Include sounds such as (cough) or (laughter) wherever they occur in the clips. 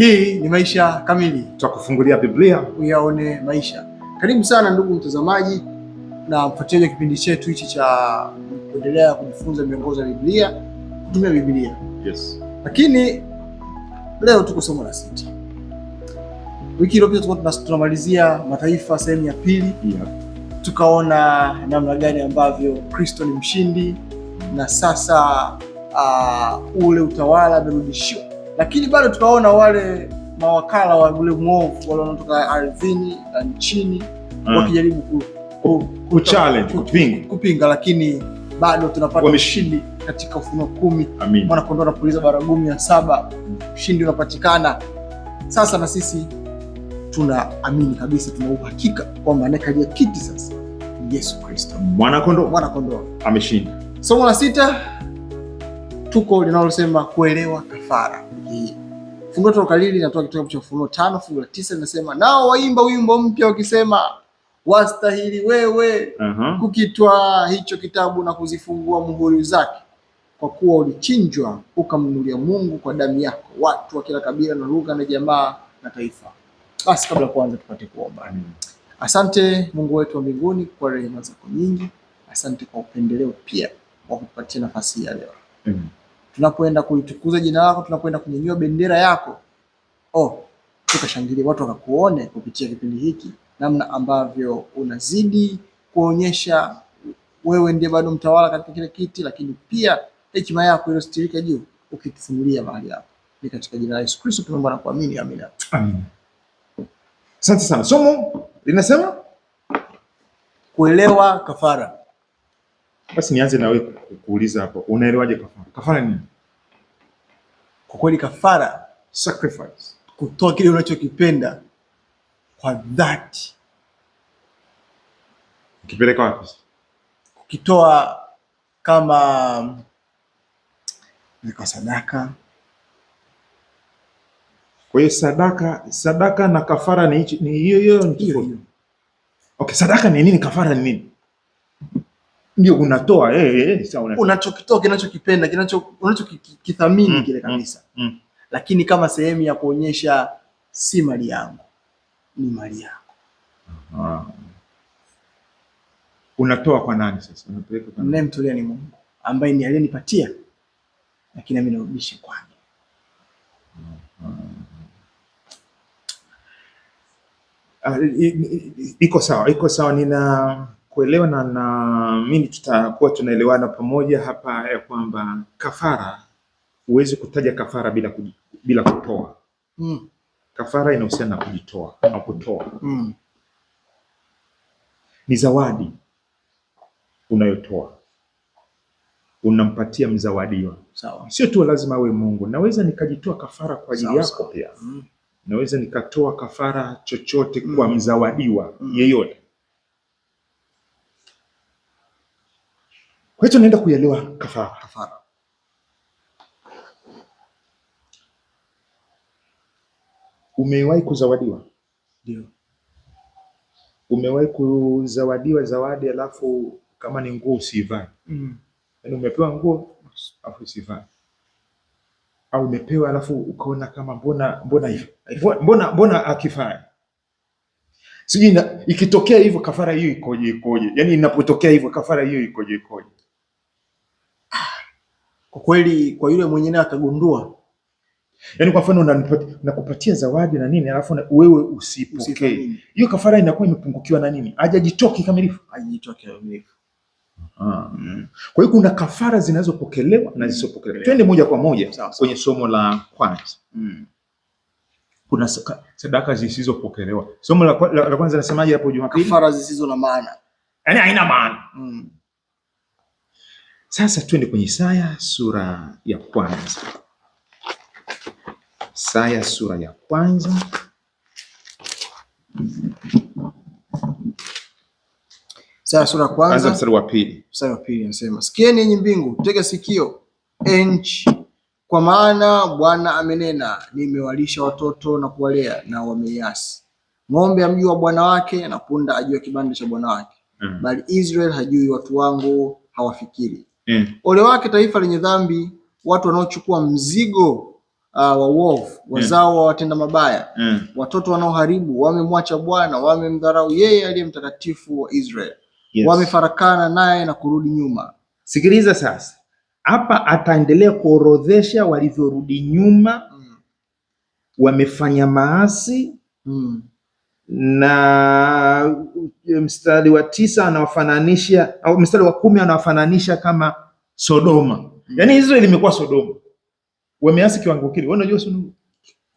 Hii ni Maisha Kamili, tutakufungulia Biblia uyaone maisha. Karibu sana ndugu mtazamaji na mfuatiliaji wa kipindi chetu hichi cha kuendelea kujifunza miongozo ya Biblia, kutumia Biblia. Yes. Lakini leo tuko somo la sita. Wiki iliyopita tulikuwa tunamalizia mataifa sehemu ya pili, yeah. Tukaona namna gani ambavyo Kristo ni mshindi na sasa uh, ule utawala amerudishiwa lakini bado tukaona wale mawakala wa ule mwovu wale wanaotoka ardhini na nchini mm. wakijaribu ku, ku, ku challenge kupinga kupinga, lakini bado tunapata ushindi katika Ufunuo kumi. Mwanakondoo anapuliza baragumu ya saba, ushindi unapatikana. Sasa na sisi tunaamini kabisa, tuna uhakika kwamba anayekalia kiti sasa Yesu Kristo, mwanakondoo mwanakondoo ameshinda. Somo la sita tuko linalosema kuelewa kafara hii. Fungu tano kalili linatoka kitabu cha Ufunuo tano fungu la tisa linasema nao waimba wimbo mpya wakisema, wastahili wewe uh -huh. kukitwa hicho kitabu na kuzifungua muhuri zake, kwa kuwa ulichinjwa ukamnunulia Mungu kwa damu yako watu wa kila kabila na lugha na jamaa na taifa. Basi kabla ya kuanza, tupate kuomba. Mm. Asante Mungu wetu wa mbinguni kwa rehema zako nyingi, asante kwa upendeleo pia wa kutupatia nafasi ya leo mm tunapoenda kuitukuza jina lako, tunapoenda kunyanyua bendera yako oh, tukashangilia watu wakakuone kupitia kipindi hiki, namna ambavyo unazidi kuonyesha wewe ndiye bado mtawala katika kile kiti, lakini pia hekima yako iliyostirika juu ukitufungulia mahali hapo. Ni katika jina la Yesu Kristo tunaomba na kuamini, amina. Amina. Asante sana. Somo linasema kuelewa kafara. Basi nianze na wewe kukuuliza hapo, unaelewaje kafara? Kafara nini? Kwa kweli kafara, sacrifice, kutoa kile unachokipenda kwa dhati. Kipeleka wapi? Kukitoa kama kwa sadaka. Kwa hiyo sadaka, sadaka na kafara ni hiyo hiyo. Okay, sadaka ni nini? Kafara ni nini? ndio unatoa eh, eh, eh unachokitoa kinachokipenda unachokithamini mm, kile mm, kabisa mm, mm. Lakini kama sehemu ya kuonyesha si mali yangu, ni mali yako ah. Unatoa kwa nani sasa? Unapeleka kwa nani? Ninayemtolea ni Mungu ambaye ni aliyenipatia, lakini mimi narudisha kwake. Ah, iko sawa, iko sawa, nina kuelewa na naamini tutakuwa tunaelewana pamoja hapa ya kwamba kafara, huwezi kutaja kafara bila kuj, bila kutoa mm. Kafara inahusiana na kujitoa na kutoa mm. Ni zawadi unayotoa unampatia mzawadiwa, sio tu lazima awe Mungu. Naweza nikajitoa kafara kwa ajili yako pia mm. Naweza nikatoa kafara chochote mm. kwa hmm. mzawadiwa mm. yeyote Kwa hiyo naenda kuielewa kafara. Kafara. Umewahi kuzawadiwa? Ndio. Umewahi kuzawadiwa zawadi alafu kama ni nguo usivae? Mm. Yaani umepewa nguo alafu usivae. Au umepewa alafu ukaona kama mbona mbona hivi? Mbona mbona akifai? Sijui ikitokea hivyo kafara hiyo ikoje ikoje? Yaani inapotokea hivyo kafara hiyo ikoje ikoje? kwa kweli, kwa yule mwenyewe atagundua. akagundua, yaani kwa mfano nakupatia zawadi na nini, alafu wewe usipokee hiyo kafara, inakuwa imepungukiwa na nini, hajajitoki kamilifu, hajajitoki kamilifu. Mm. Kwa hiyo kuna kafara zinazopokelewa na zisizopokelewa. Mm. Twende moja kwa moja sao, kwenye somo la kwanza. Mm. Kuna sadaka zisizopokelewa. Somo la, la, la kwanza nasemaje hapo Jumapili? Kafara zisizo na maana. Yaani haina maana. Hmm. Sasa twende kwenye Isaya sura ya kwanza. Isaya sura ya kwanza. Isaya sura ya kwanza mstari wa pili. Mstari wa pili anasema, Sikieni enyi mbingu, tega sikio enchi, kwa maana Bwana amenena, nimewalisha watoto na kuwalea, na wameiasi. Ng'ombe amjua bwana wake, na punda ajua kibanda cha bwana wake. Mm. Bali hajui, watu wangu hawafikiri mm. Ole wake taifa lenye dhambi, watu wanaochukua mzigo uh, wa uovu, mm. wazao wa mm. watenda mabaya mm. watoto wanaoharibu, wamemwacha Bwana, wamemdharau yeye aliye mtakatifu wa Israeli yes. Wamefarakana naye na kurudi nyuma. Sikiliza sasa, hapa ataendelea kuorodhesha walivyorudi nyuma mm. wamefanya maasi mm na e, mstari wa tisa anawafananisha au mstari wa kumi anawafananisha kama Sodoma. Mm. Yaani Israeli imekuwa Sodoma, wameasi kiwango kile. Wewe unajua sio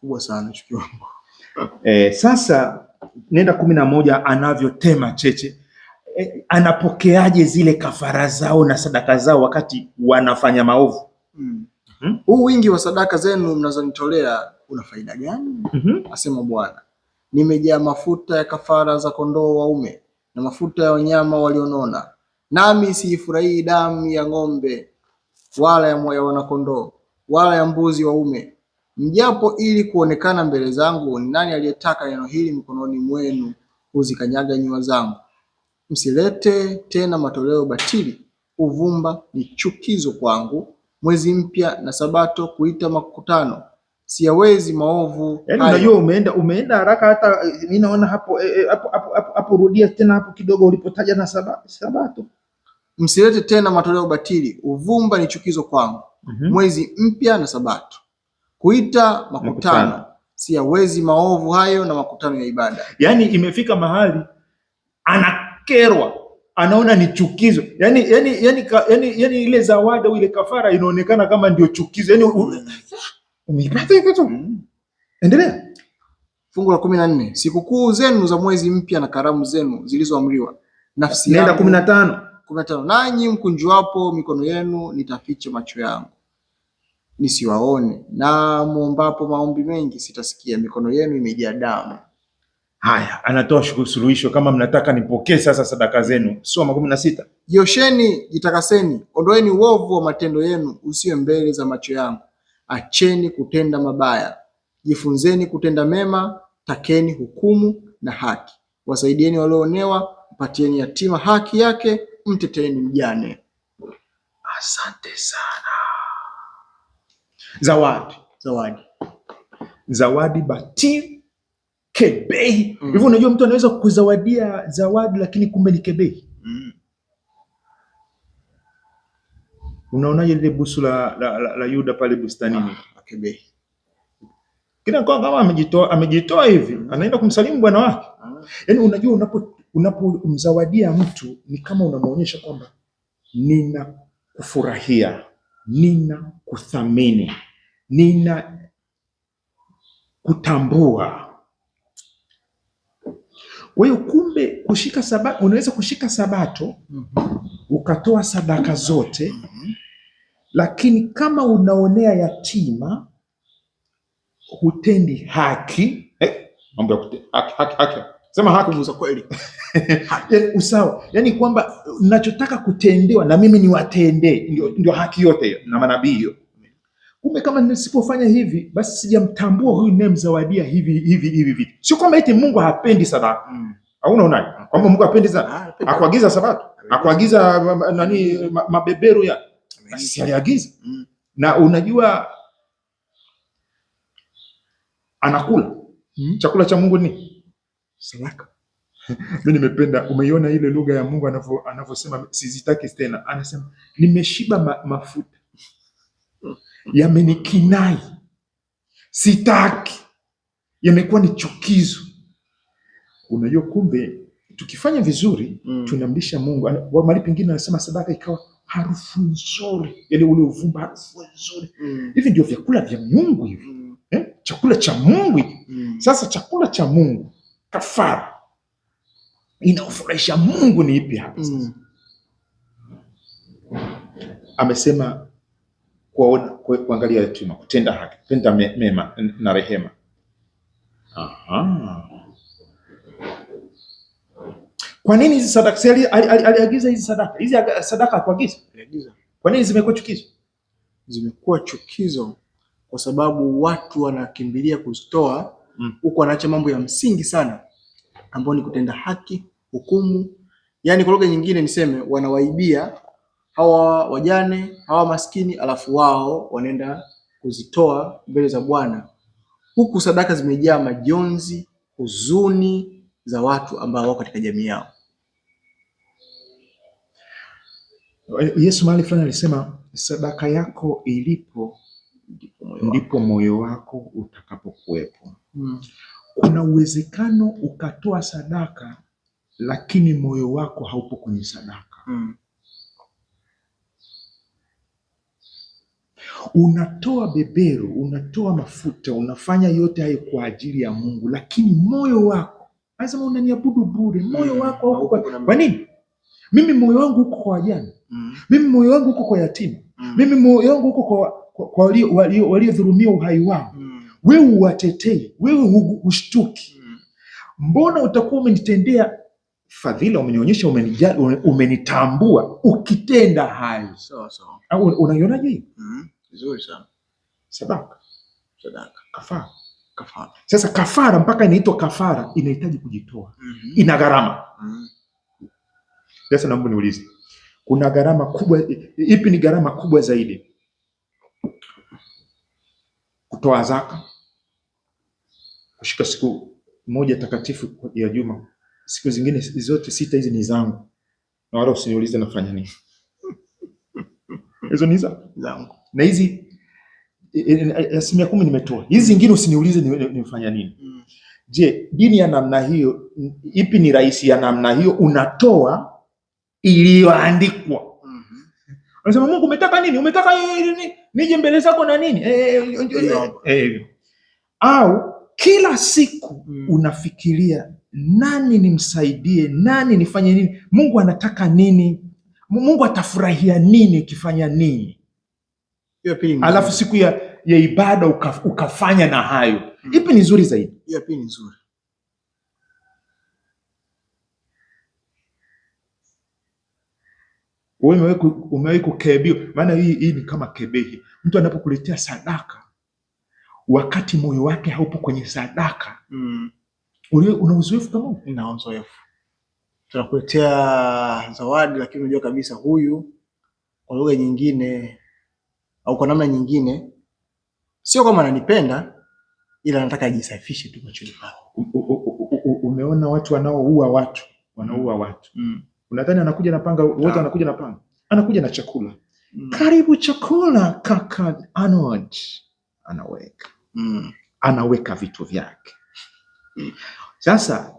kubwa sana hicho kiwango (laughs) eh. Sasa nenda kumi na moja anavyotema cheche eh, anapokeaje zile kafara zao na sadaka zao wakati wanafanya maovu mm. hmm. Huu wingi wa sadaka zenu mnazonitolea una faida gani? mm -hmm. Asema Bwana nimejaa mafuta ya kafara za kondoo waume na mafuta ya wanyama walionona, nami siifurahii damu ya ng'ombe wala ya wanakondoo wala ya mbuzi waume, mjapo ili kuonekana mbele zangu. Ni nani aliyetaka neno hili mikononi mwenu kuzikanyaga nyua zangu? Msilete tena matoleo batili. Uvumba ni chukizo kwangu, mwezi mpya na Sabato, kuita makutano siyawezi maovu. Yaani unajua umeenda umeenda haraka, hata mimi naona hapo eh, eh, hapo hapo hapo hapo, rudia tena hapo kidogo ulipotaja na sabato. Msilete tena matoleo batili, ubatili, uvumba ni chukizo kwangu. mm -hmm. Mwezi mpya na sabato, kuita makutano, siyawezi maovu hayo na makutano ya ibada. Yaani imefika mahali anakerwa anaona ni chukizo yani, yani, yani, yani, yaani yaani, yani ile zawadi ile kafara inaonekana kama ndio chukizo yani, Umeipata hiyo? Mm. Endelea. Fungu la kumi na nne sikukuu zenu za mwezi mpya na karamu zenu zilizoamriwa. Nafsi yangu. Nenda kumi na tano kumi na tano nanyi mkunjuapo mikono yenu nitaficha macho yangu nisiwaone, na muombapo maombi mengi sitasikia, mikono yenu imejaa damu. Haya, anatoa suluhisho, kama mnataka nipokee sasa sadaka zenu. Soma kumi na sita jiosheni, jitakaseni, ondoeni uovu wa matendo yenu, usiwe mbele za macho yangu Acheni kutenda mabaya, jifunzeni kutenda mema, takeni hukumu na haki, wasaidieni walioonewa, mpatieni yatima haki yake, mteteeni mjane. Asante sana. Zawadi, zawadi, zawadi Bati kebei hivyo. Mm. Unajua mtu anaweza kuzawadia zawadi, lakini kumbe ni kebei. Mm. Unaonaje lile busu la, la, la, la Yuda pale bustanini? Ah, okay, kila kwa kama amejitoa amejitoa hivi mm. anaenda kumsalimu bwana wake. Ah. Yaani unajua unapo unapomzawadia mtu ni kama unamuonyesha kwamba nina kufurahia, nina kuthamini, nina kutambua. Kwa hiyo kumbe, kushika sabato, unaweza kushika sabato mm-hmm. ukatoa sadaka zote mm -hmm. Lakini kama unaonea yatima, hutendi haki eh, mambo ya haki, haki, haki. Sema haki kweli usawa, yani kwamba nachotaka kutendewa na mimi niwatendee, ndio, ndio haki yote hiyo na manabii hiyo. Kumbe kama nisipofanya hivi, basi sijamtambua huyu ninayemzawadia hivi hivi hivi vitu. Sio kwamba eti Mungu hapendi sadaka Mm. au unaonaje? Kwamba Mungu hapendi sadaka, akuagiza ah, hakuagiza Sabato, hakuagiza nani mabeberu ya si aliagiza mm. na unajua anakula mm. chakula cha Mungu ni sadaka. Mimi (laughs) nimependa, umeiona ile lugha ya Mungu anavyosema, sizitaki tena, anasema nimeshiba ma mafuta yamenikinai, sitaki, yamekuwa ni chukizo. Unajua kumbe tukifanya vizuri mm. tunamlisha Mungu. Mahali pengine anasema sadaka ikawa harufu nzuri, yani ule uvumba, harufu nzuri mm. hivi. Ndio vyakula vya Mungu hivi. Mm. Eh? Chakula cha Mungu hivi. Mm. Sasa chakula cha Mungu, kafara inaofurahisha Mungu ni ipi hapa? Mm. Amesema kuona kuangalia yatima, kutenda haki, kutenda mema na rehema. Aha. Kwa nini hizi sadaka si aliagiza hizi sadaka? Hizi sadaka hakuagiza? Aliagiza. Kwa nini zimekuwa chukizo? Zimekuwa chukizo kwa sababu watu wanakimbilia kuzitoa huko, mm. Wanaacha mambo ya msingi sana ambao ni kutenda haki, hukumu. Yaani kwa lugha nyingine niseme wanawaibia hawa wajane, hawa maskini, alafu wao wanaenda kuzitoa mbele za Bwana. Huku sadaka zimejaa majonzi, huzuni za watu ambao wako katika jamii yao. Yesu mahali fulani alisema sadaka yako ilipo ndipo moyo wako utakapokuwepo. Hmm. Kuna uwezekano ukatoa sadaka lakini moyo wako haupo kwenye sadaka. Hmm. Unatoa beberu, unatoa mafuta, unafanya yote hayo kwa ajili ya Mungu, lakini moyo wako anasema unaniabudu bure, moyo hmm. wako hauko. Kwa nini? Mimi moyo wangu uko kwa wajane Mm. mimi moyo wangu uko kwa yatima mm. mimi moyo wangu uko kwa waliodhulumiwa uhai wao mm. wewe uwatetei, wewe hushtuki mm. mbona utakuwa umenitendea fadhila, umenionyesha, umenijali, umenitambua ukitenda hayo so, so. unaionaje hiyo? mm. Vizuri sana. Sadaka, sadaka, kafara Kafara. Sasa kafara mpaka inaitwa kafara inahitaji kujitoa. mm -hmm. Ina gharama. mm -hmm. Sasa naomba niulize kuna gharama kubwa. Ipi ni gharama kubwa zaidi? Kutoa zaka, kushika siku moja takatifu ya juma. Siku zingine zote sita hizi ni zangu, na wala usiniulize nafanya nini hizo ni zangu, na hizi asilimia kumi nimetoa, hizi zingine usiniulize nimefanya nini. Mm. Je, dini ya namna hiyo, ipi ni rahisi ya namna hiyo? Unatoa iliyoandikwa. Mhm. Anasema Mungu, umetaka nini? Umetaka nije mbele zako na nini? Eh, eh, eh, Au kila siku mm. unafikiria nani nimsaidie, nani nifanye nini? Mungu anataka nini? Mungu atafurahia nini ukifanya nini? Alafu siku ya, ya ibada uka, ukafanya na hayo, mm. ipi ni nzuri zaidi? Ipi ni nzuri? Wewe umewahi kukebewa? Maana hii hii ni kama kebehi. Mtu anapokuletea sadaka wakati moyo wake haupo kwenye sadaka mm. Una uzoefu kama? Nina uzoefu, tunakuletea zawadi, lakini unajua kabisa huyu, kwa lugha nyingine au kwa namna nyingine, sio kama ananipenda, ila anataka ajisafishe tu machoni pao. Umeona watu wanaoua watu wanaoua watu mm. Unadhani anakuja na panga wote? Anakuja na panga? Anakuja na chakula. Mm. Karibu chakula, kaka Arnold. Anaweka mm. anaweka vitu vyake mm. Sasa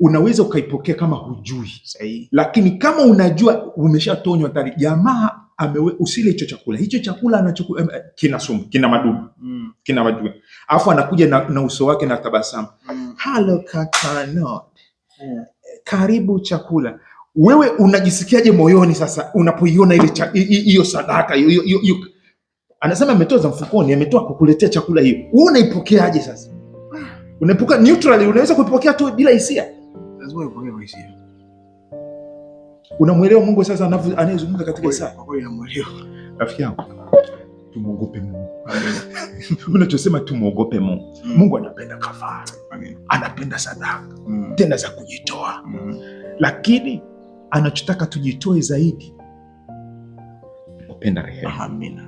unaweza ukaipokea kama hujui sahihi, lakini kama unajua umeshatonywa tari, jamaa amewe usile hicho chakula, hicho chakula anachukua eh, kina sumu, kina madudu mm. kina madumu, alafu anakuja na, na uso wake na tabasamu mm. Hello kaka Arnold yeah. Mm. karibu chakula wewe unajisikiaje moyoni sasa unapoiona ile hiyo sadaka hiyo hiyo? Anasema ametoa za mfukoni, ametoa kukuletea chakula hiyo, wewe unaipokeaje sasa? Unaepuka neutrally, unaweza kuipokea tu bila hisia, lazima uipokee kwa hisia. Unamwelewa Mungu sasa anayezungumza katika saa? Kwa kweli namuelewa rafiki yangu, tumuogope Mungu. (laughs) Unachosema tumuogope Mungu. Mm. Mungu anapenda kafara, anapenda sadaka Mm. tena za kujitoa, Mm. lakini anachotaka tujitoe zaidi, kupenda rehema. Amina,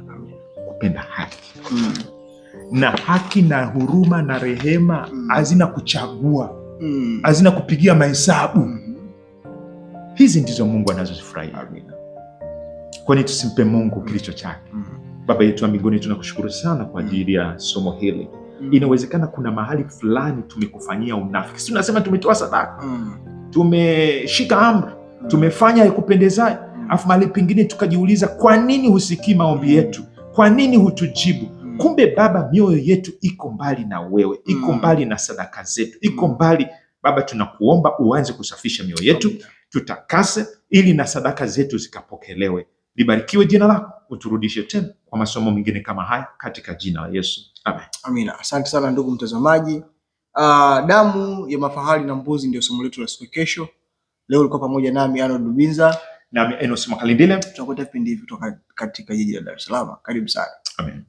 Kupenda haki mm. na haki na huruma na rehema mm. hazina mm. kuchagua hazina mm. kupigia mahesabu mm. hizi ndizo Mungu anazozifurahia. Kwani tusimpe Mungu kilicho chake mm. Baba yetu wa mbinguni, tunakushukuru sana kwa mm. ajili ya somo hili mm. Inawezekana kuna mahali fulani tumekufanyia unafiki, si unasema tumetoa sadaka mm. tumeshika amri Mm. tumefanya yakupendezayo, mm. afu mahali pengine tukajiuliza, kwa nini husikii maombi mm. yetu? Kwa nini hutujibu? Kumbe Baba, mioyo yetu iko mbali na wewe, iko mbali na sadaka zetu, iko mbali Baba. Tunakuomba uanze kusafisha mioyo yetu, tutakase, ili na sadaka zetu zikapokelewe. Libarikiwe jina lako, uturudishe tena kwa masomo mengine kama haya, katika jina la Yesu, amen. Amina. Asante sana ndugu mtazamaji. Uh, damu ya mafahali na mbuzi ndio somo letu la siku kesho. Leo ulikuwa pamoja nami Arnold Lubinza na Enos Makalindile. Tutakuta vipindi hivi kutoka katika jiji la Dar es Salaam. Karibu sana. Amen.